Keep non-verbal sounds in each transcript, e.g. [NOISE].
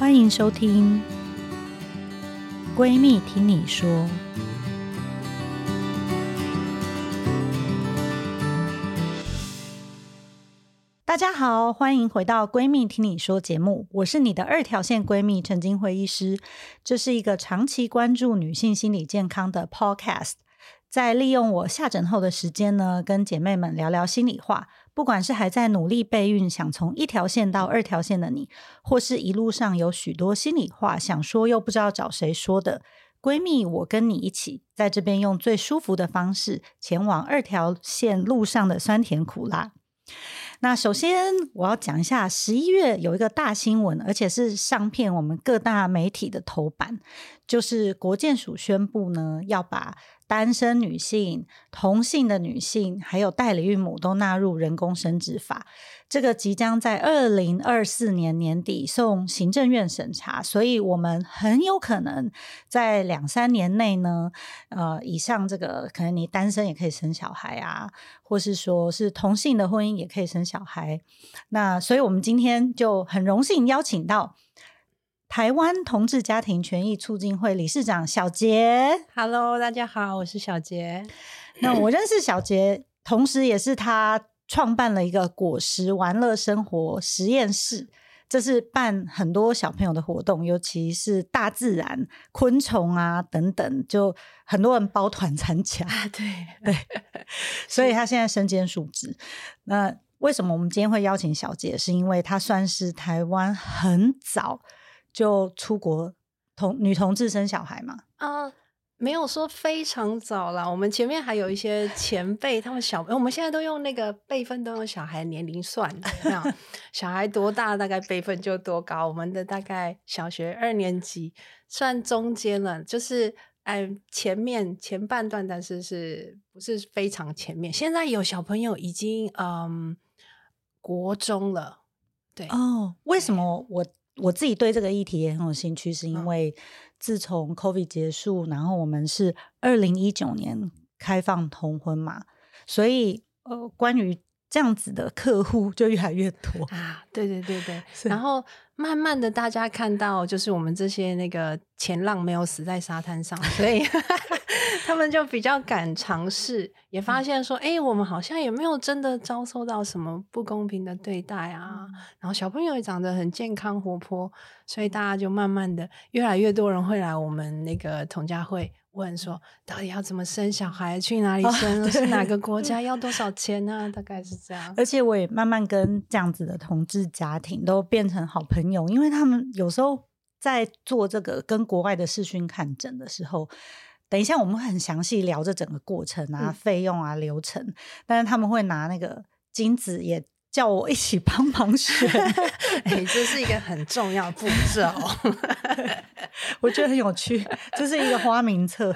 歡迎收聽《閨蜜聽你說》。大家好，歡迎回到《閨蜜聽你說》節目，我是你的二條線閨蜜陳菁徽醫師。這是一個長期關注女性心理健康的 podcast，在利用我下診後的時間呢，跟姐妹們聊聊心裡話。不管是還在努力備孕、想從一條線到二條線的你，或是一路上有許多心裡話想說又不知道找誰說的閨蜜，我跟你一起在這邊用最舒服的方式，前往二條線路上的酸甜苦辣。那首先我要講一下，十一月有一個大新聞，而且是上片我們各大媒體的頭版，就是國健署宣布呢要把。單身女性、同性的女性，還有代理孕母都納入人工生殖法。這個即將在二零二四年年底送行政院審查，所以我們很有可能在兩三年內呢，呃，以上這個可能你單身也可以生小孩啊，或是說是同性的婚姻也可以生小孩。那所以我們今天就很榮幸邀請到。台灣同志家庭權益促進會理事長小潔，Hello，大家好，我是小潔。那我認識小潔， [LAUGHS] 同時也是他創辦了一個果實玩樂生活實驗室，這是辦很多小朋友的活動，尤其是大自然、昆蟲啊等等，就很多人包團參加。對對，對 [LAUGHS] 是所以他現在身兼數職。那為什麼我們今天會邀請小潔，是因為他算是台灣很早。就出國同女同志生小孩嘛？啊，uh, 沒有說非常早啦。我們前面還有一些前輩，他們小，我們現在都用那個輩分，都用小孩年齡算。這樣， [LAUGHS] 小孩多大，大概輩分就多高。我們的大概小學二年級算中間了，就是前面前半段，但是是不是非常前面？現在有小朋友已經嗯國中了。對哦，oh, 為什麼我？Um, 我自己對這個議題也很有興趣，是因為自從 COVID 結束，然後我們是二零一九年開放同婚嘛，所以呃，關於這樣子的客戶就越來越多啊，對對對對，是然後慢慢的大家看到，就是我們這些那個前浪沒有死在沙灘上，所以。 [LAUGHS] 他們就比較敢嘗試，也發現說，哎、嗯欸，我們好像也沒有真的遭受到什麼不公平的對待啊。嗯、然後小朋友也長得很健康活潑，所以大家就慢慢的，越來越多人會來我們那個同家會問說，到底要怎麼生小孩，去哪裡生，哦、是哪個國家，要多少錢啊？大概是這樣。而且我也慢慢跟這樣子的同志家庭都變成好朋友，因為他們有時候在做這個跟國外的視訊看診的時候。等一下，我們會很詳細聊這整個過程啊，費用啊，流程。嗯、但是他們會拿那個精子，也叫我一起幫忙選哎 [LAUGHS] 欸，這是一個很重要的步驟， [LAUGHS] 我覺得很有趣，這是一個花名冊。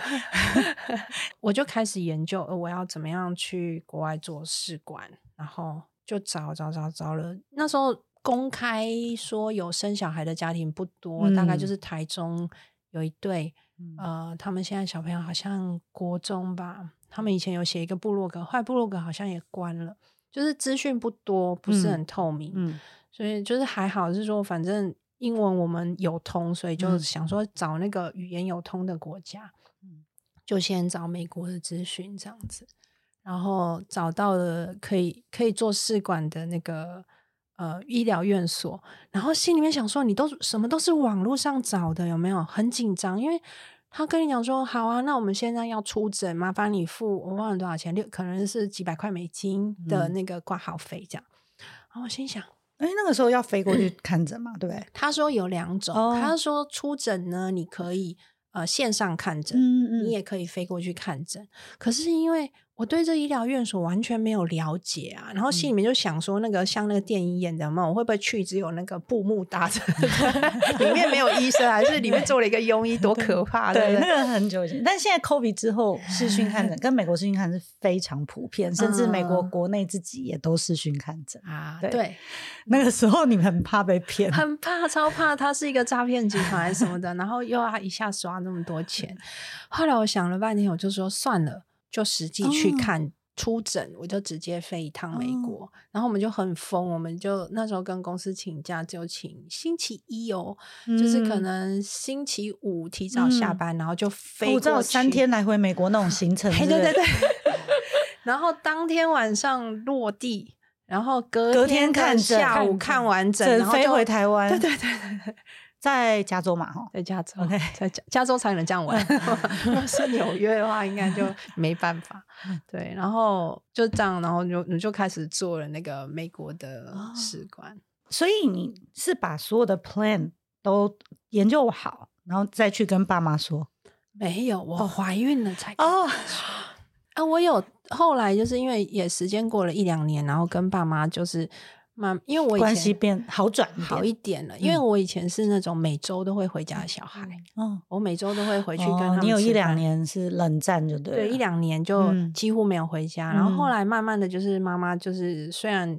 [LAUGHS] 我就開始研究、呃，我要怎麼樣去國外做試管，然後就找找找找了。那時候公開說有生小孩的家庭不多，嗯、大概就是台中有一對。嗯、呃，他們現在小朋友好像國中吧，他們以前有寫一個部落格，後來，部落格好像也關了，就是資訊不多，不是很透明，嗯嗯、所以就是還好，是說反正英文我們有通，所以就想說找那個語言有通的國家，嗯、就先找美國的資訊這樣子，然後找到了可以可以做試管的那個。呃，醫療院所，然後心裡面想說，你都什麼都是網絡上找的，有沒有？很緊張，因為他跟你講說，好啊，那我們現在要出診，麻煩你付，我忘了多少錢，六可能是幾百塊美金的那個掛號費這樣。嗯、然後我心想，哎，那個時候要飛過去看診嘛，對不對？他說有兩種，哦、他說出診呢，你可以呃線上看診，嗯嗯，你也可以飛過去看診，可是因為。我對這醫療院所完全沒有了解啊，然後心裡面就想說，那個像那個電影演的嘛，我會不會去只有那個布幕搭着， [LAUGHS] 裡面沒有醫生，還是裡面做了一個庸醫， [LAUGHS] 多可怕！對，對對對，那很久以前，但現在 COVID 之後， [LAUGHS] 視訊看診跟美國視訊看診是非常普遍，甚至美國國內自己也都視訊看診、嗯、對啊。對，那個時候你們很怕被騙，很怕，超怕，他是一個詐騙集團什麼的，然後又要一下刷那麼多錢。 [LAUGHS] 後來我想了半天，我就說算了。就實際去看初、oh. 診，我就直接飛一趟美國，oh. 然後我們就很瘋，我們就那時候跟公司請假，就請星期一哦，嗯、就是可能星期五提早下班，嗯、然後就飛，護照三天來回美國那種行程， [LAUGHS] 對對對 [LAUGHS] [LAUGHS] 然後當天晚上落地，然後隔天看下午看完診，然後飛回台灣，對對對對，對。在加州嘛，吼，在加州 Okay 在加，加州才能降溫。要 [LAUGHS] 是紐約的話， [LAUGHS] 應該就沒辦法。對，然後就這樣，然後就你就開始做了那個美國的使館。哦，所以你是把所有的 plan 都研究好，然後再去跟爸媽說？沒有，我懷孕了才哦。啊，我有後來就是因為也時間過了一兩年，然後跟爸媽就是。媽，因為我關係變好轉好一點了，點因為我以前是那種每周都會回家的小孩。嗯、我每周都會回去跟他們，哦。你有一兩年是冷戰，就對。對，一兩年就幾乎沒有回家，嗯，然後後來慢慢的就是媽媽就是雖然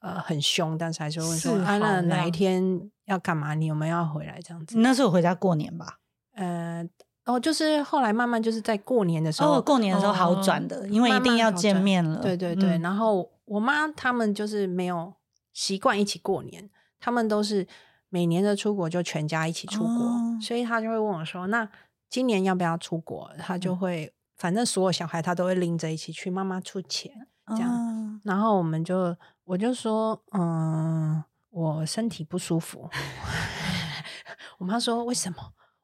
呃很凶，但是還是問說是啊，那哪一天要幹嘛，你有沒有要回來這樣子？那是我回家過年吧。呃，哦，就是後來慢慢就是在過年的時候。哦，過年的時候好轉的，哦，因為一定要見面了。慢慢對對對，嗯，然後我媽他們就是沒有。習慣一起過年，他們都是每年的出國就全家一起出國，oh. 所以他就會問我說：“那今年要不要出國？”他就會、oh. 反正所有小孩他都會拎着一起去，媽媽出錢這樣。Oh. 然後我們就我就說：“嗯，我身體不舒服。” [LAUGHS] [LAUGHS] 我媽說：“為什麼？”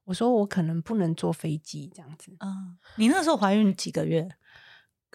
我說：“我可能不能坐飛機這樣子。” oh. 你那時候懷孕幾個月？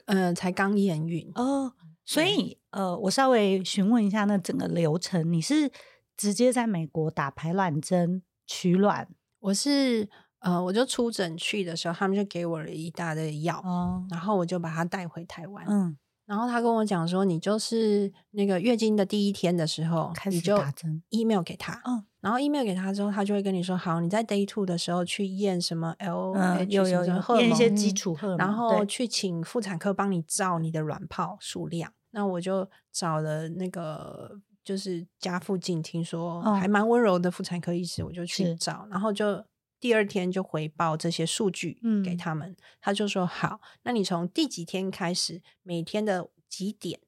嗯、呃，才剛驗孕哦，oh. 所以。呃，我稍微詢問一下那整個流程，你是直接在美國打排卵針取卵？我是呃，我就出診去的時候，他們就給我了一大堆藥，哦、然後我就把它帶回台灣。嗯，然後他跟我講說，你就是那個月經的第一天的時候，開始你就打針，email 給他，嗯、哦，然後 email 給他之後，他就會跟你說，好，你在 day two 的時候去驗什麼 LH 呃，有有驗一些基礎荷爾蒙、嗯、然後去請婦產科幫你照你的卵泡數量。那我就找了那個就是家附近聽說還蠻溫柔的婦產科醫師，哦、我就去找，是然後就第二天就回報這些數據給他們，嗯、他就說好，那你從第幾天開始，每天的幾點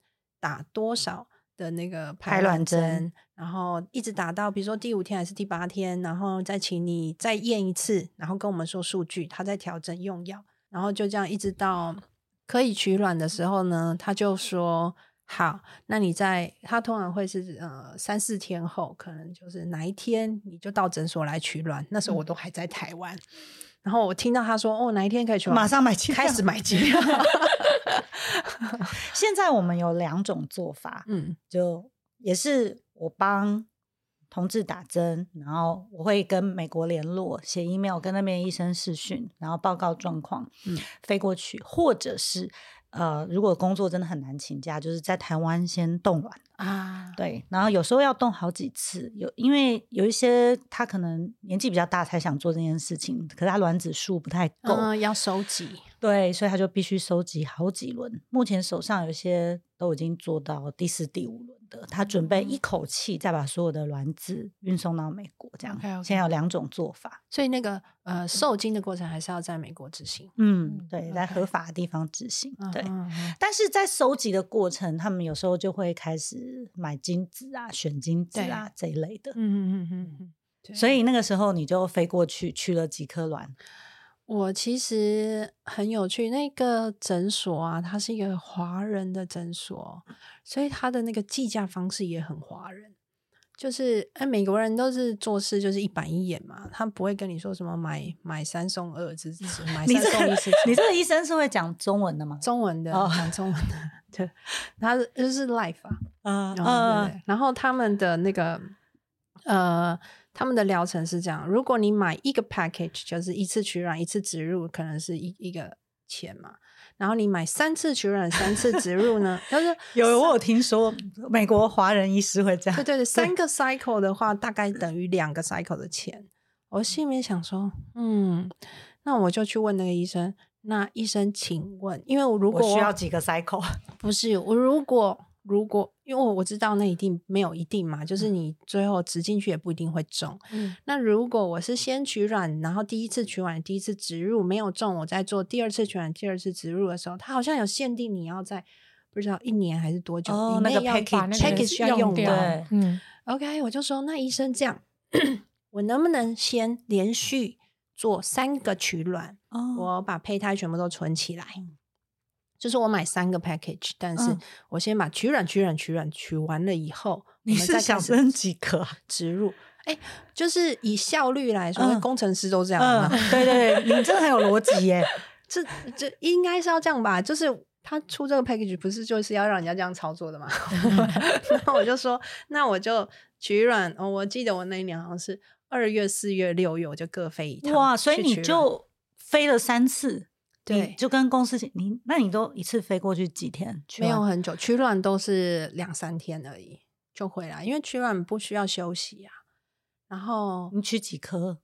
打多少的那個排卵針，排卵針然後一直打到比如說第五天還是第八天，然後再請你再驗一次，然後跟我們說數據，他在調整用藥，然後就這樣一直到。可以取卵的時候呢，他就說好，那你在他通常會是呃三四天後，可能就是哪一天你就到診所來取卵。那時候我都還在台灣，嗯、然後我聽到他說哦，哪一天可以取卵，馬上買機票，開始買機票。 [LAUGHS] [LAUGHS] 現在我們有兩種做法，嗯，就也是我幫。同志打針，然後我會跟美國聯絡，寫 email 跟那邊醫生視訊，然後報告狀況，飛過去，嗯、或者是呃，如果工作真的很難請假，就是在台灣先凍卵啊，對，然後有時候要凍好幾次，有因為有一些他可能年紀比較大才想做這件事情，可是他卵子數不太夠，嗯、要收集，對，所以他就必須收集好幾輪，目前手上有些都已經做到第四、第五了。嗯、他準備一口氣再把所有的卵子運送到美國，這樣。Okay, okay. 現在有兩種做法，所以那個呃、受精的過程還是要在美國執行。嗯，對，Okay. 在合法的地方執行。對，uh huh. 但是在收集的過程，他們有時候就會開始買精子啊、選精子啊對這一類的。嗯嗯嗯，所以那個時候你就飛過去取了幾顆卵。我其實很有趣，那個診所啊，它是一個華人的診所，所以他的那個計價方式也很華人。就是誒，美國人都是做事就是一板一眼嘛，他們不會跟你說什麼買買三送二，買支買三送一。你這個醫生是會講中文的嗎？ [LAUGHS] 中文的，講 [LAUGHS] 中文的。對，他就是 life 啊，然然後他們的那個呃。他們的療程是這樣：如果你買一個 package，就是一次取卵一次植入，可能是一一個錢嘛。然後你買三次取卵三次植入呢？他 [LAUGHS] 說有，我有聽說美國華人醫師會這樣。對對對，對三個 cycle 的話，大概等於兩個 cycle 的錢。我心裡面想說，嗯，那我就去問那個醫生。那醫生，請問，因為我如果我我需要幾個 cycle？不是，我如果。如果，因為我知道那一定沒有一定嘛，嗯、就是你最後植進去也不一定會中。嗯、那如果我是先取卵，然後第一次取卵，第一次植入沒有中，我再做第二次取卵，第二次植入的時候，它好像有限定你要在不知道一年還是多久，那個 package package 要用掉完。嗯、OK，我就說，那醫生這樣， [COUGHS] 我能不能先連續做三個取卵？哦，我把胚胎全部都存起來。就是我買三個 package，但是我先把取卵、取卵、取卵取完了以後，你是想生幾顆植入？哎、啊欸，就是以效率來說，嗯、工程師都這樣嘛、嗯？對對對， [LAUGHS] 你們真的很有邏輯耶！這這應該是要這樣吧？就是他出這個 package 不是就是要讓人家這樣操作的嗎？然後、嗯、 [LAUGHS] [LAUGHS] 我就說，那我就取卵、哦。我記得我那一年好像是二月、四月、六月，我就各飛一趟。哇，所以你就飛了三次。對，就跟公司你，那你都一次飛過去幾天？沒有很久，取卵都是兩三天而已就回來，因為取卵不需要休息呀、啊。然後你取幾顆？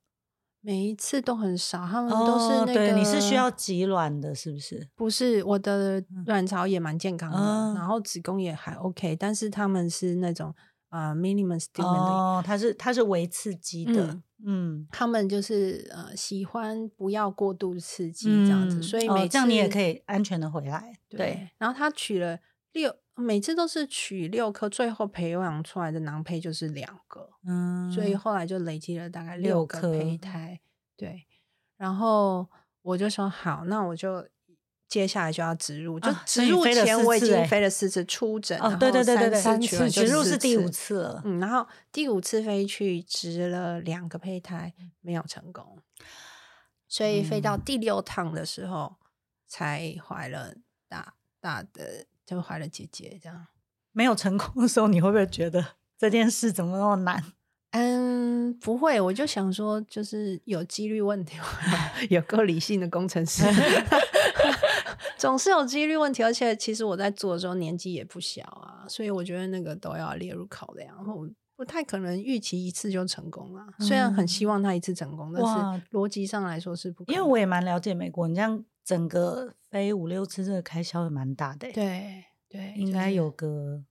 每一次都很少，他們都是那個。哦、對你是需要擠卵的，是不是？不是，我的卵巢也蠻健康的，嗯、然後子宮也還 OK，但是他們是那種。啊，minimum s t i m u l a t i 它是它是微刺激的，嗯，他們、嗯、就是呃喜歡不要過度刺激這樣子，嗯、所以每次、哦、這樣你也可以安全的回來，對。對，然後他取了六，每次都是取六顆，最後培養出來的囊胚就是兩個，嗯，所以後來就累積了大概六個胚胎，顆對。然後我就說好，那我就。接下來就要植入，啊、就植入前我、欸、已經飛了四次診，出診、哦，對對對對對，三次植入是第五次了，嗯，然後第五次飛去植了兩個胚胎，沒有成功，所以飛到第六趟的時候、嗯、才懷了大大的，就懷了姐姐這樣。沒有成功的時候，你會不會覺得這件事怎麼那麼難？嗯，不會，我就想說，就是有幾率問題， [LAUGHS] 有個理性的工程師。 [LAUGHS] [LAUGHS] 總是有幾率問題，而且其實我在做的時候年紀也不小啊，所以我覺得那個都要列入考量，我不太可能預期一次就成功了，啊，嗯、雖然很希望他一次成功，但是邏輯上來說是不。因為我也蠻了解美國，你像整個飛五六次，這個開銷也蠻大的，欸對。對對，應該有個。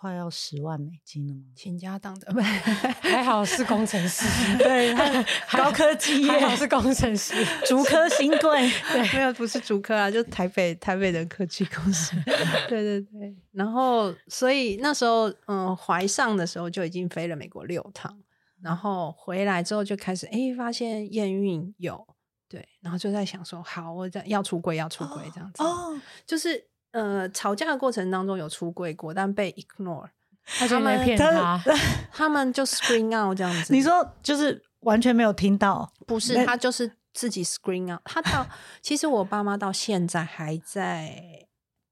快要十萬美金了嗎？傾家蕩產的，不 [LAUGHS] 還好是工程師，對，還高科技業，還好是工程師，竹是 科新貴，對， [LAUGHS] 對，沒有不是竹科啊，就台北台北，的科技公司， [LAUGHS] 對對對。然後，所以那時候，嗯，懷上的時候就已經飛了美國六趟，然後回來之後就開始，哎、欸，發現驗孕有，對，然後就在想說，好，我這要出櫃要出櫃這樣子，哦，哦就是。呃，吵架的過程當中有出櫃過，但被 ignore，他騙他們就 screen out 這樣子。你說就是完全沒有聽到？不是，他就是自己 screen out。他到 [LAUGHS] 其實我爸媽到現在還在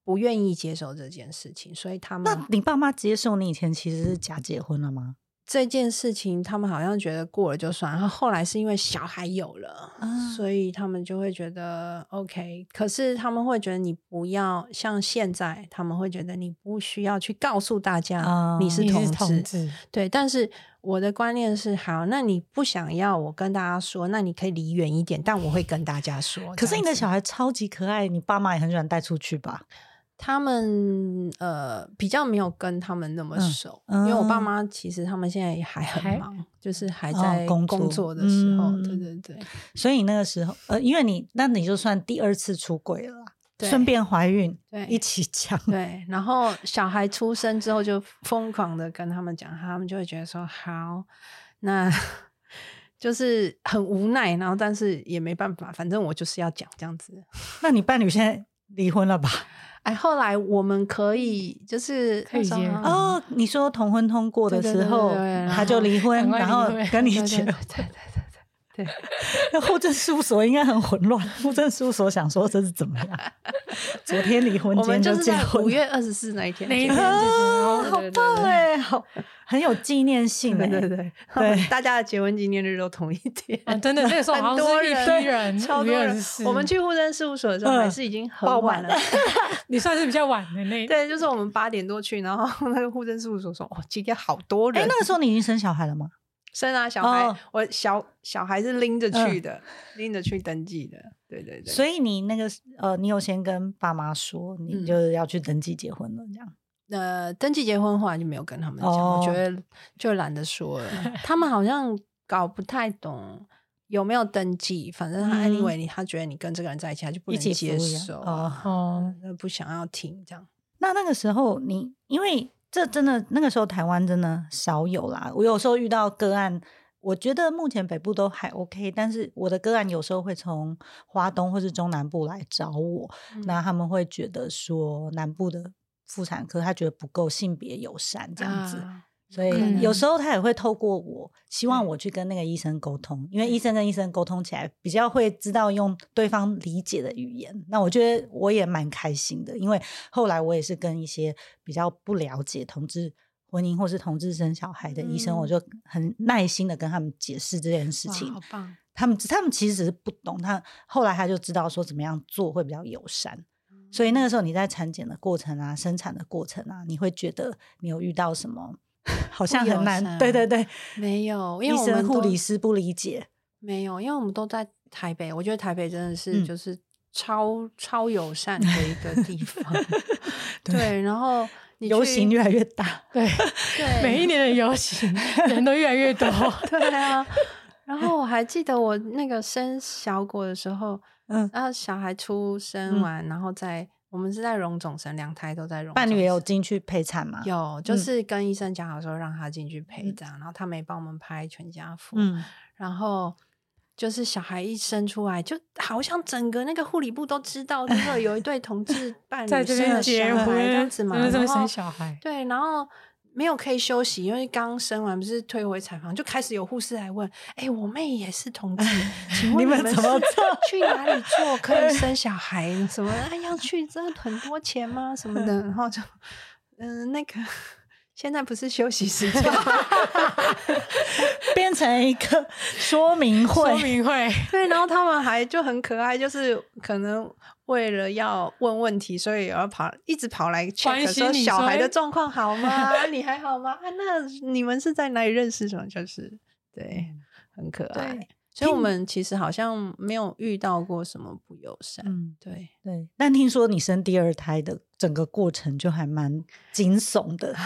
不願意接受這件事情，所以他們，那你爸媽接受你以前其實是假結婚了嗎？這件事情，他們好像覺得過了就算。然後後來是因為小孩有了，啊、所以他們就會覺得 OK。可是他們會覺得你不要像現在，他們會覺得你不需要去告訴大家你是同志。嗯、對，但是我的觀念是，好，那你不想要我跟大家說，那你可以離遠一點，嗯、但我會跟大家說。可是你的小孩超級可愛，你爸媽也很喜歡帶出去吧？他們呃比較沒有跟他們那麼熟，嗯嗯、因為我爸媽其實他們現在也還很忙，還就是還在工作的時候。哦嗯、對對對，所以那個時候呃，因為你那你就算第二次出櫃了，順對便懷孕，對。一起講。對，然後小孩出生之後就瘋狂的跟他們講，他們就會覺得說好，那就是很無奈，然後但是也沒辦法，反正我就是要講這樣子。那你伴侶現在？離婚了吧？哎，後來我們可以就是可以結哦。你說同婚通過的時候，對對對對，他就離婚，婚然後跟你去 [LAUGHS] 那戶政事務所應該很混亂。戶政事務所想說，這是怎麼樣？昨天離婚，我們就是在五月二十四那一天，那一天好棒哎，好很有紀念性的，對對對，大家的結婚紀念日都同一天。真的，那個時候好像人超多人。我們去戶政事務所的時候還是已經很晚了，你算是比較晚的那對，就是我們八點多去，然後那個戶政事務所說哦，今天好多人。哎，那個時候你已經生小孩了嗎？生啊，小孩，哦、我小小孩是拎着去的，呃、拎着去登記的。對對對。所以你那個呃，你有先跟爸媽說，你就是要去登記結婚了這樣、嗯。呃，登記結婚的話就沒有跟他們講，哦、我覺得就懶得說了。 [LAUGHS] 他們好像搞不太懂有沒有登記，反正他還以為他覺得你跟這個人在一起，他、嗯、就不能接受，哦，嗯嗯嗯、不想要聽這樣。那那個時候你因為。這真的，那個時候台灣真的少有啦。我有時候遇到個案，我覺得目前北部都還 OK，但是我的個案有時候會從花東或是中南部來找我，那、嗯、他們會覺得說南部的婦產科他覺得不夠性別友善這樣子。啊所以有時候他也會透過我，希望我去跟那個醫生溝通，嗯、因為醫生跟醫生溝通起來比較會知道用對方理解的語言。嗯、那我覺得我也蠻開心的，嗯、因為後來我也是跟一些比較不了解同志婚姻或是同志生小孩的醫生，嗯、我就很耐心的跟他們解釋這件事情。好棒！他們他們其實只是不懂，他後來他就知道說怎麼樣做會比較友善。嗯、所以那個時候你在產檢的過程啊、生產的過程啊，你會覺得你有遇到什麼？好像很難，對對對，沒有，因為我們醫生、護理師不理解，沒有，因為我們都在台北，我覺得台北真的是就是超超友善的一個地方，對，然後遊行越來越大，對，每一年的遊行人都越來越多，對啊，然後我還記得我那個生小果的時候，嗯，啊，小孩出生完，然後再。我們是在榮總生，兩胎都在榮總。伴侶也有進去陪產嗎？有，就是跟醫生講好說，讓他進去陪產，嗯、然後他沒幫我們拍全家福。嗯、然後就是小孩一生出來，就好像整個那個護理部都知道，就是有，有一對同志伴侶生了小孩這樣子嘛。 [LAUGHS] 在這邊結婚 [LAUGHS] 然後生小孩，對，然後。沒有可以休息，因為剛生完不是推回產房就開始有護士來問：“哎、欸，我妹也是同志， [LAUGHS] 請問你們是 [LAUGHS] 去哪裡做可以生小孩？ [LAUGHS] 什麼？哎，要去掙很多錢嗎？什麼的？” [LAUGHS] 然後就，嗯、呃，那個。現在不是休息時間， [LAUGHS] 變成一個說明會。 [LAUGHS] 說明會。對，然後他們還就很可愛，就是可能為了要問問題，所以要跑，一直跑來 check, 關心，說小孩的狀況好嗎？ [LAUGHS] 你還好嗎？啊，那你們是在哪裡認識？什麼？就是對，很可愛。對，所以我們其實好像沒有遇到過什麼不友善。對、嗯、對。但聽說你生第二胎的。整個過程就還蠻驚悚的。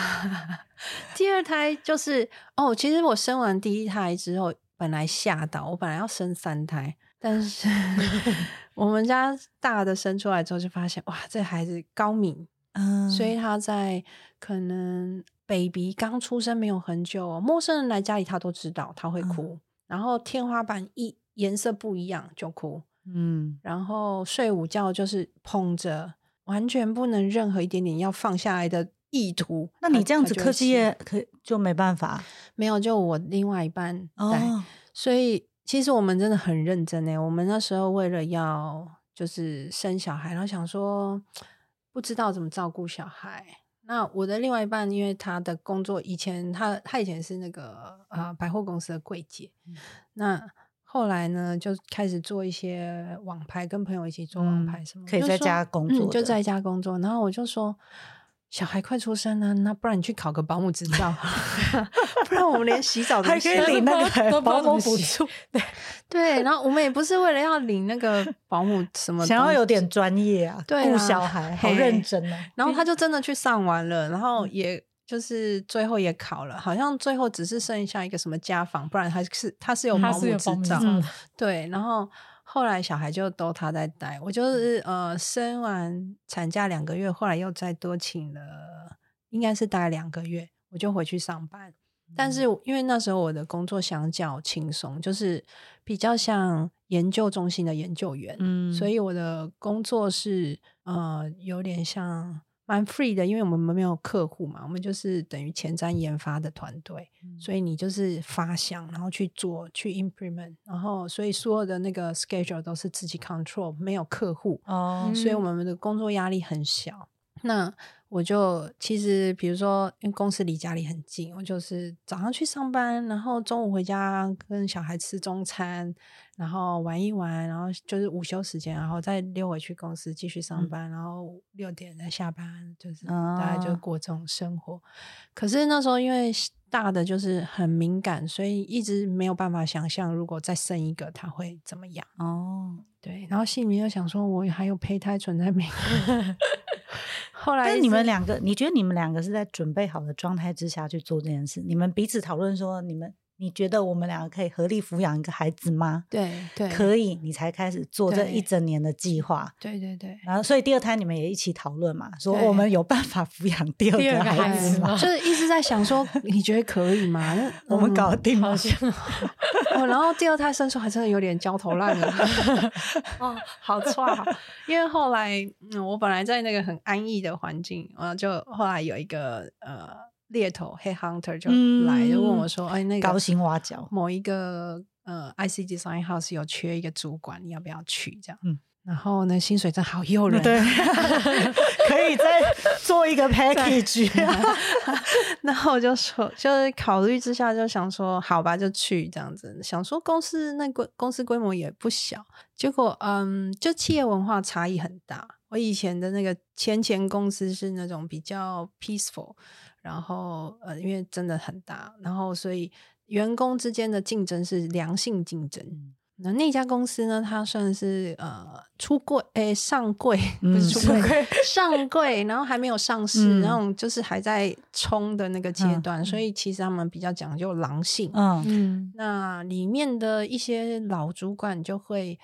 [LAUGHS] 第二胎就是哦，其實我生完第一胎之後，本來嚇到我，本來要生三胎，但是 [LAUGHS] [LAUGHS] 我們家大的生出來之後就發現，哇，這孩子高敏，嗯，所以他在可能 baby 剛出生沒有很久哦，陌生人來家裡他都知道他會哭，嗯，然後天花板一顏色不一樣就哭，嗯，然後睡午覺就是捧着。完全不能，任何一點點要放下來的意圖。那你這樣子科技業可，可，可就沒辦法、啊。沒有，就我另外一半。哦對，所以其實我們真的很認真誒。我們那時候為了要就是生小孩，然後想說不知道怎麼照顧小孩。那我的另外一半，因為他的工作以前他他以前是那個啊、呃、百貨公司的櫃姐，嗯、那。後來呢，就開始做一些網拍，跟朋友一起做網拍什麼、嗯，可以在家工作就、嗯、就在家工作。然後我就說，小孩快出生了，那不然你去考個保姆執照， [LAUGHS] [LAUGHS] 不然我們連洗澡都，還可以領那個保姆補助。對， [LAUGHS] 對，然後我們也不是為了要領那個保姆什麼，想要有點專業啊，對啊，顧小孩好認真啊。嘿然後他就真的去上完了，然後也。嗯就是最後也考了，好像最後只是剩下一個什麼家訪，不然他是他是有保姆執照，對。然後後來小孩就都他在帶，我就是呃生完產假兩個月，後來又再多請了，應該是大概兩個月，我就回去上班。嗯，但是因為那時候我的工作相較輕鬆，就是比較像研究中心的研究員，嗯，所以我的工作是呃有點像。蠻 free 的，因為我們沒有客戶嘛，我們就是等於前瞻研發的團隊，嗯、所以你就是發想，然後去做，去 implement，然後所以所有的那個 schedule 都是自己 control，沒有客戶哦，嗯、所以我們的工作壓力很小。那我就其實，比如說，因為公司離家裡很近，我就是早上去上班，然後中午回家跟小孩吃中餐，然後玩一玩，然後就是午休時間，然後再溜回去公司繼續上班，嗯、然後六點再下班，就是大概就過這種生活。哦、可是那時候因為大的就是很敏感，所以一直沒有辦法想象如果再生一個他會怎麼樣。哦，對，然後心裡又想說，我還有胚胎存在沒？ [LAUGHS] 後來，但你們兩個，你覺得你們兩個是在準備好的狀態之下去做這件事？你們彼此討論說，你們。你覺得我們兩個可以合力撫養一個孩子嗎？對對，對可以，你才開始做這一整年的計劃。對對對，對對對，然後所以第二胎你們也一起討論嘛，對說我們有辦法撫養第二個孩子，嘛個孩子嘛就是一直在想說，你覺得可以嗎？ [LAUGHS] 嗯、我們搞定嗎像、 [LAUGHS] 哦。然後第二胎生出來還真的有點焦頭爛額、啊。 [LAUGHS] 哦，好錯、啊，因為後來嗯，我本來在那個很安逸的環境，然後就後來有一個呃。獵頭黑 Hunter 就來，嗯、就問我說：“哎、欸，那個高薪挖角，某一個、呃、IC Design House 有缺一個主管，你要不要去？這樣，嗯、然後呢，薪水真好誘人，對， [LAUGHS] 可以再做一個 package，然後我就說，就是考慮之下，就想說，好吧，就去這樣子。想說公司那個，公司規模也不小，結果，嗯，就企業文化差異很大。我以前的那個前前公司是那種比較 peaceful。”然後呃，因為真的很大，然後所以員工之間的競爭是良性競爭。那、嗯、那家公司呢，它算是呃出櫃誒、欸，上櫃、嗯、不是出櫃是上櫃，然後還沒有上市，然後、嗯、就是還在衝的那個階段，嗯、所以其實他們比較講究狼性。嗯嗯，那裡面的一些老主管就會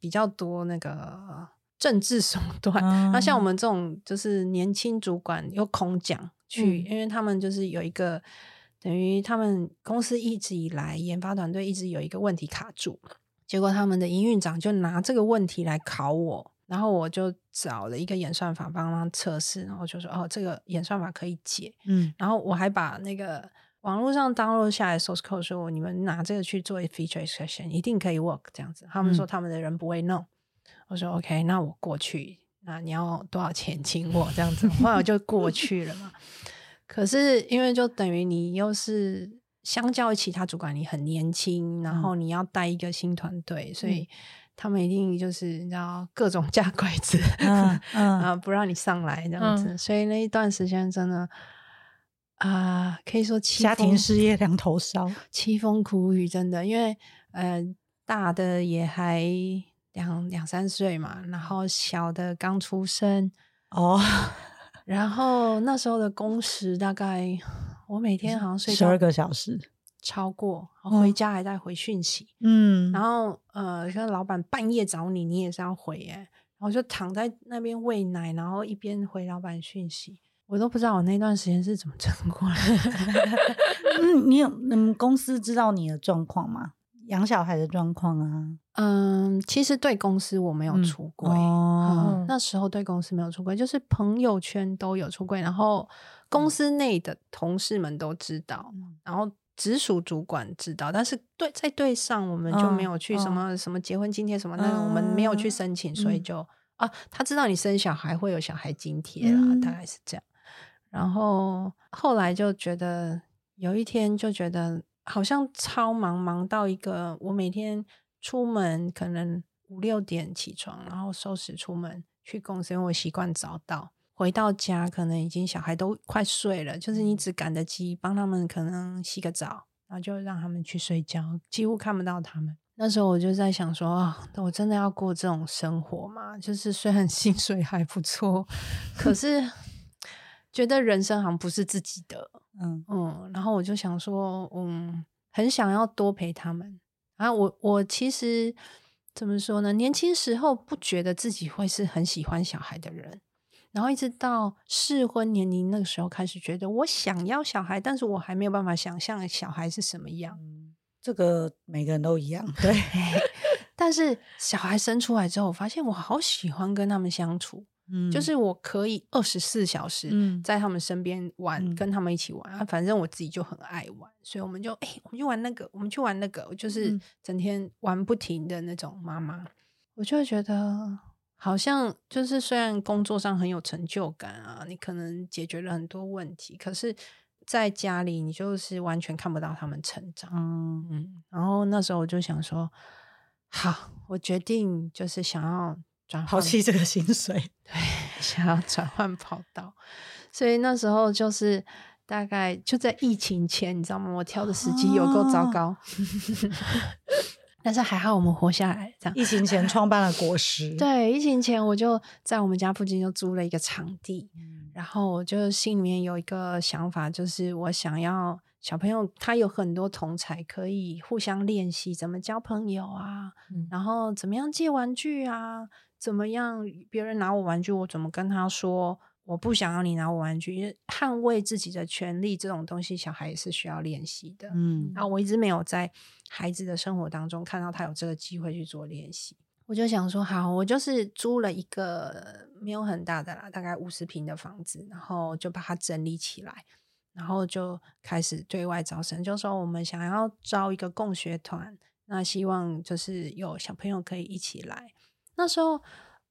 比較多那個政治手段，嗯、那像我們這種就是年輕主管又空講。去，嗯、因為他們就是有一個等於他們公司一直以來研發團隊一直有一個問題卡住，結果他們的營運長就拿這個問題來考我，然後我就找了一個演算法幫忙測試，然後就說哦，這個演算法可以解，嗯，然後我還把那個網絡上 download 下來 source code，說你們拿這個去做 feature extraction 一定可以 work 這樣子，他們說他們的人不會弄，嗯、我說 OK，那我過去，那你要多少錢請我這樣子，後來我就過去了嘛。 [LAUGHS] 可是因為就等於你又是相較於其他主管，你很年輕，然後你要帶一個新團隊，嗯、所以他們一定就是你知道各種架鬼子，啊、嗯，嗯、 [LAUGHS] 然後不讓你上來這樣子。嗯、所以那一段時間真的啊、呃，可以說淒風家庭事業兩頭燒，淒風苦雨，真的。因為嗯、呃、大的也還兩兩三歲嘛，然後小的剛出生哦。然後那時候的工時大概，我每天好像睡十二個小時，超過，回家還在回訊息，嗯，然後呃，像老板半夜找你，你也是要回誒，然後就躺在那邊餵奶，然後一邊回老板訊息，我都不知道我那段時間是怎麼撐過來、 [LAUGHS] [LAUGHS] 嗯。你有你們、嗯、公司知道你的狀況嗎？養小孩的狀況啊，嗯，其實對公司我沒有出櫃哦、嗯嗯，那時候對公司沒有出櫃，就是朋友圈都有出櫃，然後公司內的同事們都知道，然後直屬主管知道，但是對在對上我們就沒有去什麼、嗯嗯、什麼結婚津貼什麼那、嗯、我們沒有去申請，嗯，所以就啊，他知道你生小孩會有小孩津貼啊，嗯、大概是這樣。然後後來就覺得有一天就覺得。好像超忙，忙，忙到一個我每天出門可能五六點起床，然後收拾出門去公司，因為我習慣早到。回到家可能已經小孩都快睡了，就是你只趕得及幫他們可能洗個澡，然後就讓他們去睡覺，幾乎看不到他們。那時候我就在想說，哦，我真的要過這種生活嗎？就是雖然薪水還不錯， [LAUGHS] 可是覺得人生好像不是自己的。嗯嗯，然後我就想說，嗯，很想要多陪他們。啊，我我其實怎麼說呢？年輕時候不覺得自己會是很喜歡小孩的人，然後一直到適婚年齡那個時候開始覺得我想要小孩，但是我還沒有辦法想象小孩是什麼樣。嗯，這個每個人都一樣，對。 [LAUGHS] 但是小孩生出來之後，我發現我好喜歡跟他們相處。嗯，就是我可以二十四小時在他們身邊玩，嗯、跟他們一起玩、嗯啊。反正我自己就很愛玩，所以我們就誒、欸，我們就玩那個，我們去玩那個，我就是整天玩不停的那種媽媽。嗯、我就覺得好像就是雖然工作上很有成就感啊，你可能解決了很多問題，可是在家裡你就是完全看不到他們成長。嗯，然後那時候我就想說，好，我決定就是想要。拋棄這個薪水，對，想要轉換跑道， [LAUGHS] 所以那時候就是大概就在疫情前，你知道嗎？我挑的時機有夠糟糕，啊、 [LAUGHS] 但是還好我們活下來，這樣。疫情前創辦了果實。 [LAUGHS] 對，疫情前我就在我們家附近就租了一個場地，嗯、然後我就心裡面有一個想法，就是我想要小朋友他有很多同儕可以互相練習，怎麼交朋友啊，嗯、然後怎麼樣借玩具啊。怎麼樣？別人拿我玩具，我怎麼跟他說？我不想要你拿我玩具，因為捍衛自己的權利這種東西，小孩也是需要練習的。嗯，然後我一直沒有在孩子的生活當中看到他有這個機會去做練習。我就想說，好，我就是租了一個沒有很大的啦，大概五十平的房子，然後就把它整理起來，然後就開始對外招生，就說我們想要招一個共學團，那希望就是有小朋友可以一起來。那時候，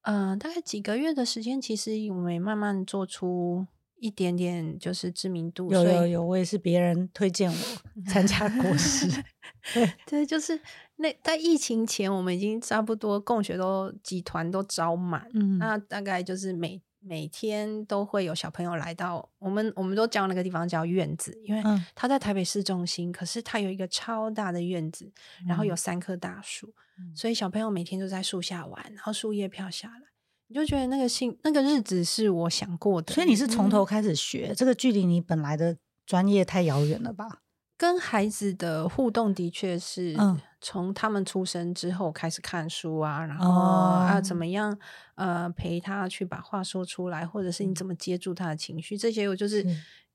嗯、呃，大概幾個月的時間，其實我們也慢慢做出一點點，就是知名度。有有有，以我也是別人推薦我參加國事 [LAUGHS] 對，對，就是那在疫情前，我們已經差不多共學都集團都招滿。嗯，那大概就是每。每天都會有小朋友來到我們，我們都叫那個地方叫院子，因為他在台北市中心，嗯、可是他有一個超大的院子，然後有三棵大樹，嗯、所以小朋友每天都在樹下玩，然後樹葉飄下來，你就覺得那個信、那個日子是我想過的。所以你是從頭開始學，嗯、這個距離你本來的專業太遙遠了吧？跟孩子的互動的確是。嗯從他們出生之後開始看書啊，然後啊怎麼樣？呃，陪他去把話說出來，哦、或者是你怎麼接住他的情緒，這些我就是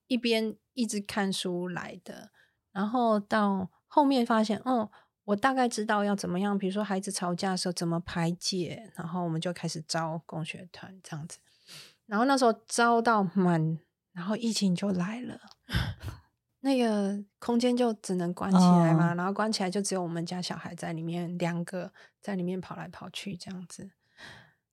一邊一直看書來的。是然後到後面發現，哦，我大概知道要怎麼樣，比如說孩子吵架的時候怎麼排解，然後我們就開始招共學團這樣子。然後那時候招到滿，然後疫情就來了。 [LAUGHS] 那個空間就只能關起來嘛，哦、然後關起來就只有我們家小孩在裡面，兩個在裡面跑來跑去這樣子。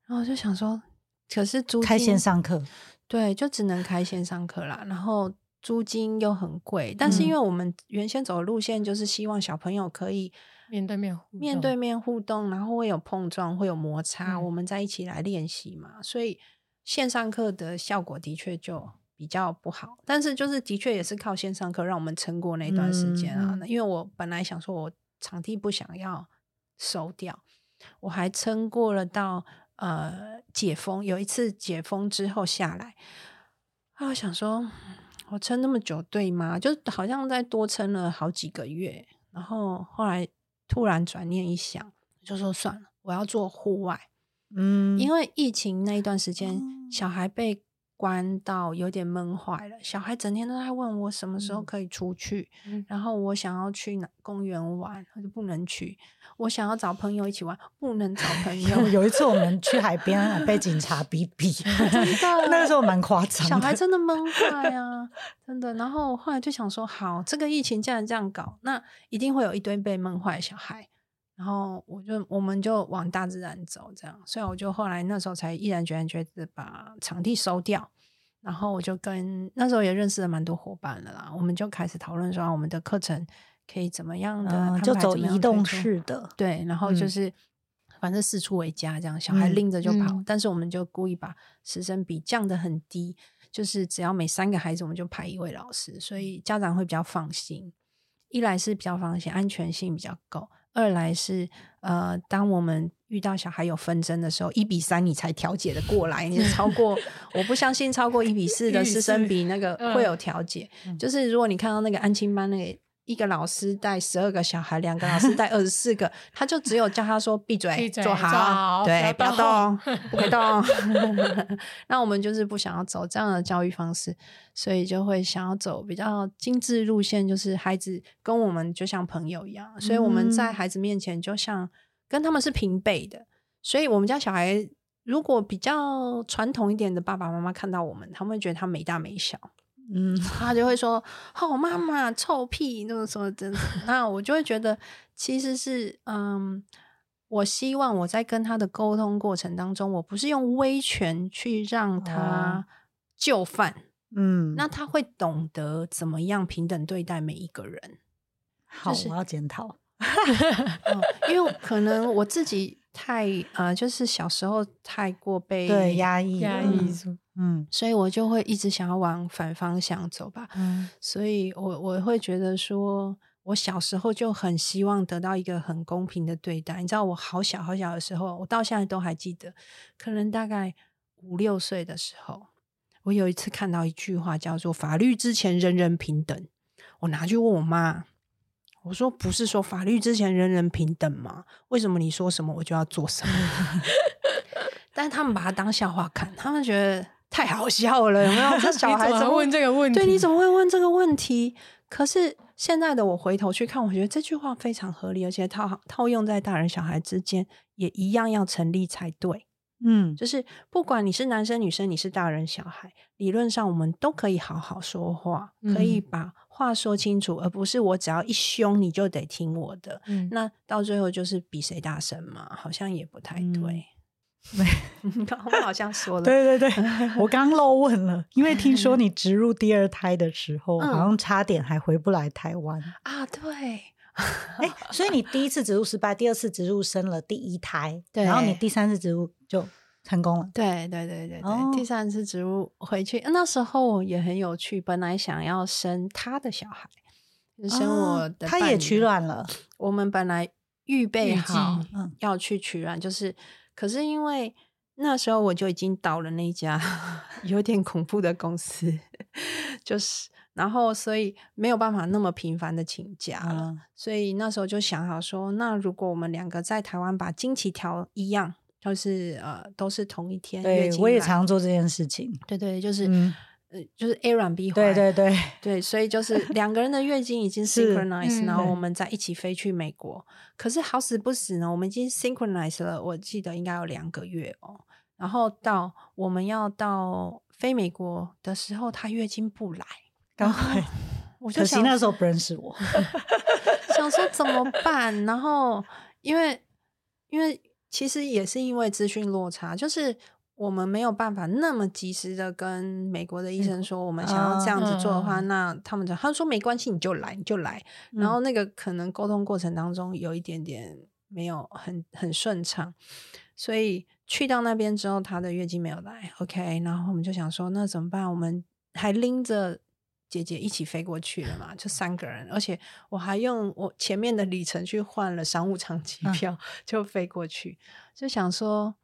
然後就想說，可是租金，開線上課，對，就只能開線上課啦。然後租金又很貴，但是因為我們原先走的路線就是希望小朋友可以面對面面對面互動，嗯、然後會有碰撞，會有摩擦，嗯、我們再一起來練習嘛。所以線上課的效果的確就。比較不好，但是就是的確也是靠線上課讓我們撐過那段時間啊。嗯、因為我本來想說，我場地不想要收掉，我還撐過了到呃解封。有一次解封之後下來，啊，想說我撐那麼久對嗎？就好像再多撐了好幾個月。然後後來突然轉念一想，就說算了，我要做戶外。嗯，因為疫情那一段時間，嗯、小孩被。關到有點悶壞了，小孩整天都在問我什麼時候可以出去，嗯、然後我想要去哪公園玩，我就不能去。我想要找朋友一起玩，不能找朋友。 [LAUGHS] 有一次我們去海邊，啊， [LAUGHS] 被警察逼逼， [LAUGHS] [LAUGHS] [LAUGHS] 那個時候蠻誇張。小孩真的悶壞啊，真的。然後後來就想說，好，這個疫情竟然這樣搞，那一定會有一堆被悶壞的小孩。然後我就我們就往大自然走，這樣，所以我就後來那時候才毅然決然決定把場地收掉。然後我就跟那時候也認識了蠻多伙伴了啦，我們就開始討論說、啊、我們的課程可以怎麼樣呢、呃？就走移動式的，對，然後就是反正四處為家這樣，嗯、小孩拎着就跑。嗯、但是我們就故意把師生比降得很低，嗯、就是只要每三個孩子我們就排一位老師，所以家長會比較放心。一來是比較放心，安全性比較夠。二來是，呃，當我們遇到小孩有紛爭的時候，一比三你才調解的過來， [LAUGHS] 你超過， [LAUGHS] 我不相信超過一比四的師生比那個會有調解。嗯，就是如果你看到那個安親班那個。一個老師帶十二個小孩，兩個老師帶二十四個， [LAUGHS] 他就只有叫他說閉嘴，坐好，坐好對，不要動，不要動。 [LAUGHS] 不可以動 [LAUGHS] 那我們就是不想要走這樣的教育方式，所以就會想要走比較精緻路線，就是孩子跟我們就像朋友一樣，所以我們在孩子面前就像、嗯、跟他們是平輩的。所以，我們家小孩，如果比較傳統一點的爸爸媽媽看到我們，他們會覺得他沒大沒小。嗯，他就會說：“好、嗯，媽媽、哦、臭屁。”那個時候真的， [LAUGHS] 那我就會覺得，其實是嗯，我希望我在跟他的溝通過程當中，我不是用威權去讓他就範，嗯，嗯，那他會懂得怎麼樣平等對待每一個人。嗯，就是、好，我要檢討，因為可能我自己太啊、呃，就是小時候太過被壓抑壓抑。嗯嗯，所以我就會一直想要往反方向走吧。嗯，所以我我會覺得說，我小時候就很希望得到一個很公平的對待。你知道，我好小好小的時候，我到現在都還記得，可能大概五六歲的時候，我有一次看到一句話叫做“法律之前人人平等”，我拿去問我媽，我說：“不是說法律之前人人平等嗎？為什麼你說什麼我就要做什麼？” [LAUGHS] [LAUGHS] 但是他們把它當笑話看，他們覺得。太好笑了，有沒有？小孩怎麼問這個問題？對， [LAUGHS] 你怎麼會問這個問題？可是現在的我回頭去看，我覺得這句話非常合理，而且套套用在大人小孩之間也一樣要成立才對。嗯，就是不管你是男生女生，你是大人小孩，理論上我們都可以好好說話，可以把話說清楚，嗯、而不是我只要一凶你就得聽我的。嗯、那到最後就是比誰大聲嘛，好像也不太對。嗯我好像說了。對對對，我剛剛漏問了，因為聽說你植入第二胎的時候，好像差點還回不來台灣啊。對，欸，所以你第一次植入失敗，第二次植入生了第一胎，然後你第三次植入就成功了。對對對對對，第三次植入回去那時候也很有趣，本來想要生他的小孩，生我的，他也取卵了。我們本來預備好要去取卵，就是。可是因為那時候我就已經到了那家有點恐怖的公司， [LAUGHS] [LAUGHS] 就是然後所以沒有辦法那麼頻繁的請假了，嗯、所以那時候就想好說，那如果我們兩個在台灣把經期調一樣，就是呃都是同一天，對我也常做這件事情，對對，對就是。嗯呃、就是 A 軟 B 對對對對，所以就是兩個人的月經已經 synchronize， [LAUGHS] 嗯、然後我們再一起飛去美國。嗯、可是好死不死呢，我們已經 synchronize 了，我記得應該有兩個月哦。然後到我們要到飛美國的時候，她月經不來，剛好，我就想可惜那時候不認識我， [LAUGHS] [LAUGHS] 想說怎麼辦？然後因為因為其實也是因為資訊落差，就是。我們沒有辦法那麼及時的跟美國的醫生說，我們想要這樣子做的話，嗯、那他們就、嗯、他就說沒關係，你就來，你就來。嗯、然後那個可能溝通過程當中有一點點沒有很很順暢，所以去到那邊之後，他的月經沒有來，OK。然後我們就想說，那怎麼辦？我們還拎着姐姐一起飛過去了嘛，就三個人，而且我還用我前面的里程去換了商務艙機票，嗯、 [LAUGHS] 就飛過去，就想說。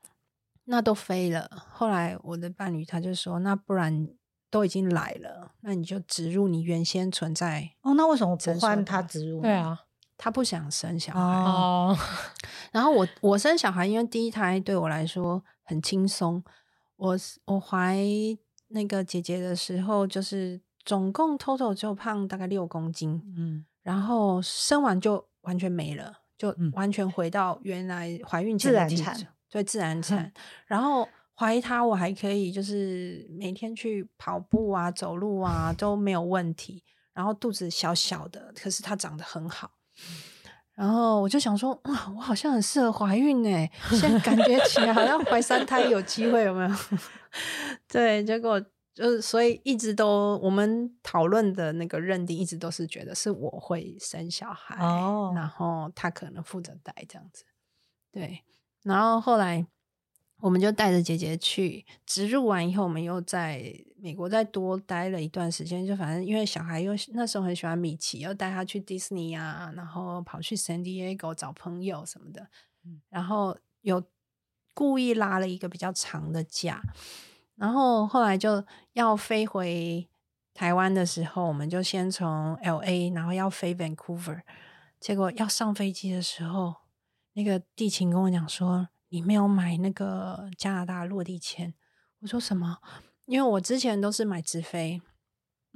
那都飛了。後來我的伴侶他就說：“那不然都已經來了，那你就植入你原先存在哦？那為什麼不換他植入？對啊，他不想生小孩。哦、 [LAUGHS] 然後我我生小孩，因為第一胎對我來說很輕鬆。我我懷那個姐姐的時候，就是總共 total 就胖大概六公斤。嗯，然後生完就完全沒了，就完全回到原來懷孕前的體重。”對自然產，嗯、然後懷他。我還可以就是每天去跑步啊、走路啊都沒有問題，然後肚子小小的，可是他長得很好。嗯、然後我就想說，哇、嗯，我好像很適合懷孕哎，現在感覺起來好像懷三胎有機會 [LAUGHS] 有沒有？ [LAUGHS] 對，結果就是所以一直都我們討論的那個認定一直都是覺得是我會生小孩，哦、然後他可能負責帶這樣子，對。然後後來，我們就帶着姐姐去植入完以後，我們又在美國再多待了一段時間。就反正因為小孩又那時候很喜歡米奇，又帶他去迪士尼啊，然後跑去 San Diego 找朋友什麼的。然後有故意拉了一個比較長的假。然後後來就要飛回台灣的時候，我們就先從 LA，然後要飛 Vancouver。結果要上飛機的時候，那個地勤跟我講說，你沒有買那個加拿大落地簽。我說什麼？因為我之前都是買直飛，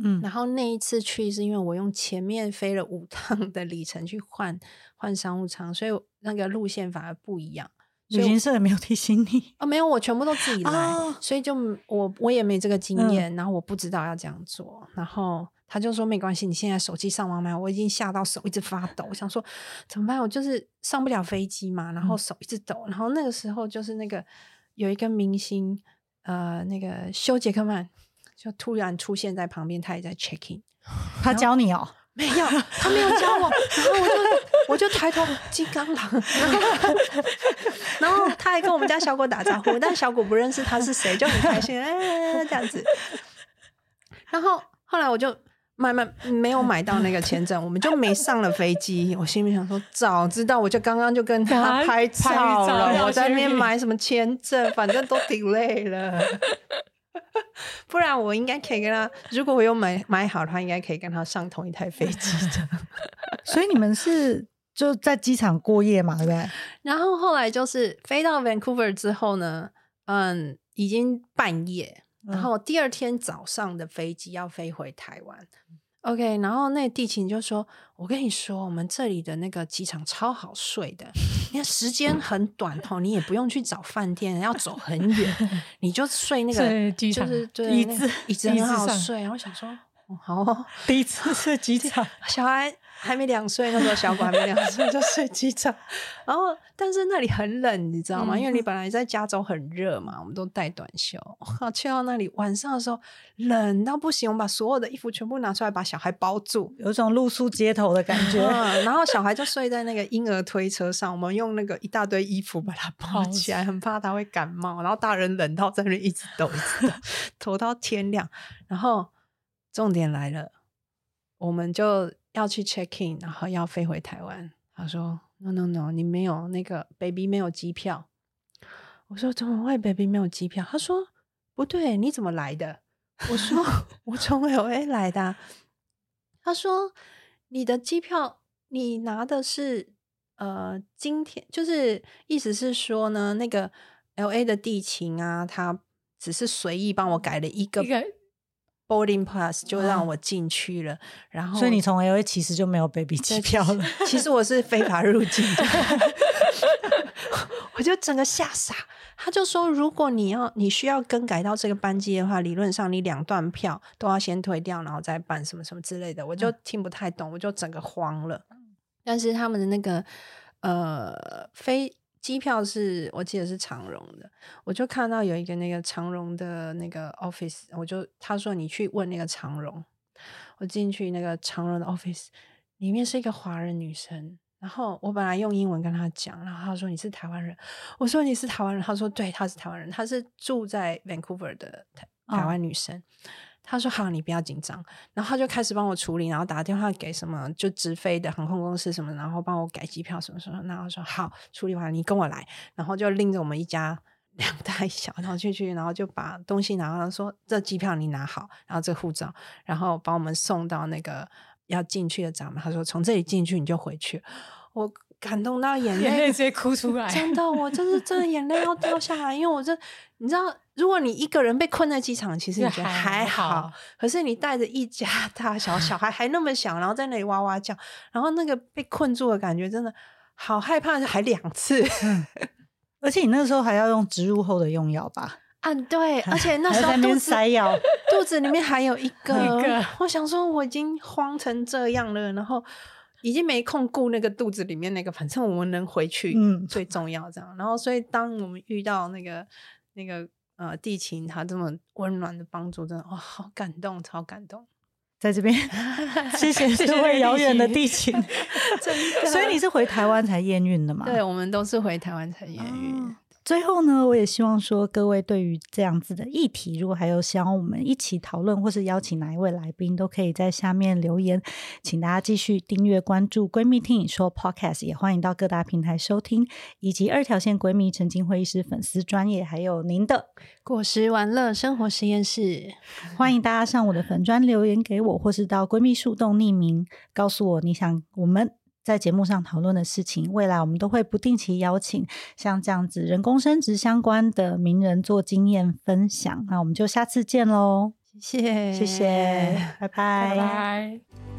嗯，然後那一次去是因為我用前面飛了五趟的里程去換換商務艙，所以那個路線反而不一樣。旅行社也沒有提醒你啊、哦？沒有，我全部都自己來，哦、所以就我我也沒這個經驗，嗯、然後我不知道要這樣做，然後。他就說沒關係，你現在手機上網嘛，我已經嚇到手一直發抖，我想說怎麼辦？我就是上不了飛機嘛，然後手一直抖。嗯。然後那個時候就是那個有一個明星，呃，那個休傑克曼就突然出現在旁邊，他也在 check in。他教你哦？沒有，他沒有教我。 [LAUGHS] 然後我就我就抬頭，金剛狼。 [LAUGHS] [LAUGHS] 然後他還跟我們家小狗打招呼， [LAUGHS] 但小狗不認識他是誰，就很開心， [LAUGHS] 哎，哎，哎，這樣子。然後後來我就。慢慢沒有買到那個簽證，我們就沒上了飛機。 [LAUGHS] 我心裡想說，早知道我就剛剛就跟他拍照了。照了，我在那邊買什麼簽證， [LAUGHS] 反正都 delay 了。不然我應該可以跟他，如果我有買買好的話，應該可以跟他上同一台飛機的。 [LAUGHS] [LAUGHS] 所以你們是就在機場過夜嘛，對不對？然後後來就是飛到 Vancouver 之後呢，嗯，已經半夜。然後第二天早上的飛機要飛回台灣，嗯、，OK。然後那個地勤就說：“我跟你說，我們這裡的那個機場超好睡的，因為時間很短哦，嗯、你也不用去找飯店， [LAUGHS] 要走很遠，你就睡那個是機場就是對椅子椅子很好睡。”然後想說：“嗯、好、哦，第一次睡機場。”小孩。還沒兩歲，那時候小鬼還沒兩歲就睡機場， [LAUGHS] 然後但是那裡很冷，你知道嗎？嗯、因為你本來在加州很熱嘛，我們都戴短袖。然後去到那裡晚上的時候冷到不行，我們把所有的衣服全部拿出來把小孩包住，有一種露宿街頭的感覺。嗯、 [LAUGHS] 然後小孩就睡在那個嬰兒推車上，我們用那個一大堆衣服把他包起來，很怕他會感冒。然後大人冷到在那裡一直抖，一直抖 [LAUGHS] 到天亮。然後重點來了，我們就。要去 check in，然後要飛回台灣。他說：“No no no，你沒有那個 baby 沒有機票。”我說：“怎麼會 baby 沒有機票？”他說：“不對，你怎麼來的？”我說：“ [LAUGHS] 我從 L A 來的。”他說：“你的機票，你拿的是呃，今天就是意思是說呢，那個 L A 的地勤啊，他只是隨意幫我改了一個。” boarding pass 就讓我進去了，嗯、然後所以你從 LA 其實就沒有 baby 機票了對， [LAUGHS] 其實我是非法入境的， [LAUGHS] [LAUGHS] 我就整個嚇傻。他就說，如果你要你需要更改到這個班機的話，理論上你兩段票都要先退掉，然後再辦什麼什麼之類的，我就聽不太懂，嗯、我就整個慌了。但是他們的那個呃非。機票是我記得是長榮的，我就看到有一個那個長榮的那個 office，我就他說，你去問那個長榮，我進去那個長榮的 office 裡面是一個華人女生，然後我本來用英文跟她講，然後她說，你是台灣人，我說，你是台灣人？她說對，她是台灣人，她是住在 Vancouver 的台灣女生。哦他說：“好，你不要緊張。”然後他就開始幫我處理，然後打電話給什麼就直飛的航空公司什麼，然後幫我改機票什麼什麼。然後說：“好，處理完你跟我來。”然後就拎着我們一家兩大一小，然後進去，然後就把東西拿。然後說：“這機票你拿好，然後這護照，然後把我們送到那個要進去的閘門。他說：從這裡進去你就回去。”我。感動到眼淚，眼淚直接哭出來， [LAUGHS] 真的，我就是真的眼淚要掉下來。 [LAUGHS] 因為我這，你知道，如果你一個人被困在機場，其實也覺得還好。還好，可是你帶着一家大小，小孩還那麼小，然後在那裡哇哇叫，然後那個被困住的感覺，真的好害怕，就還兩次。 [LAUGHS] 而且你那時候還要用植入後的用藥吧？啊，對。而且那時候肚子塞藥， [LAUGHS] 肚子裡面還有一個。一個，我想說，我已經慌成這樣了，然後。已經沒空顧那個肚子裡面那個，反正我們能回去最重要。這樣，嗯、然後所以當我們遇到那個那個呃地勤他這麼溫暖的幫助，真的哇、哦，好感動，超感動。在這邊， [LAUGHS] 謝謝這位遙遠的地勤。 [LAUGHS] 嗎所以你是回台灣才驗孕的嗎？對，我們都是回台灣才驗孕。嗯最後呢，我也希望說，各位對於這樣子的議題，如果還有想要我們一起討論，或是邀請哪一位來賓，都可以在下面留言。請大家繼續訂閱關注“閨蜜聽你說 ”Podcast，也歡迎到各大平台收聽，以及二條線閨蜜、陳菁徽醫師、粉絲專業，還有您的“果實玩樂生活實驗室。” [LAUGHS] 歡迎大家上我的粉專留言給我，或是到閨蜜樹洞匿名告訴我你想我們。在節目上討論的事情，未來我們都會不定期邀請像這樣子人工生殖相關的名人做經驗分享。那我們就下次見嘍，謝謝，謝謝，嗯、拜拜，拜拜。拜拜。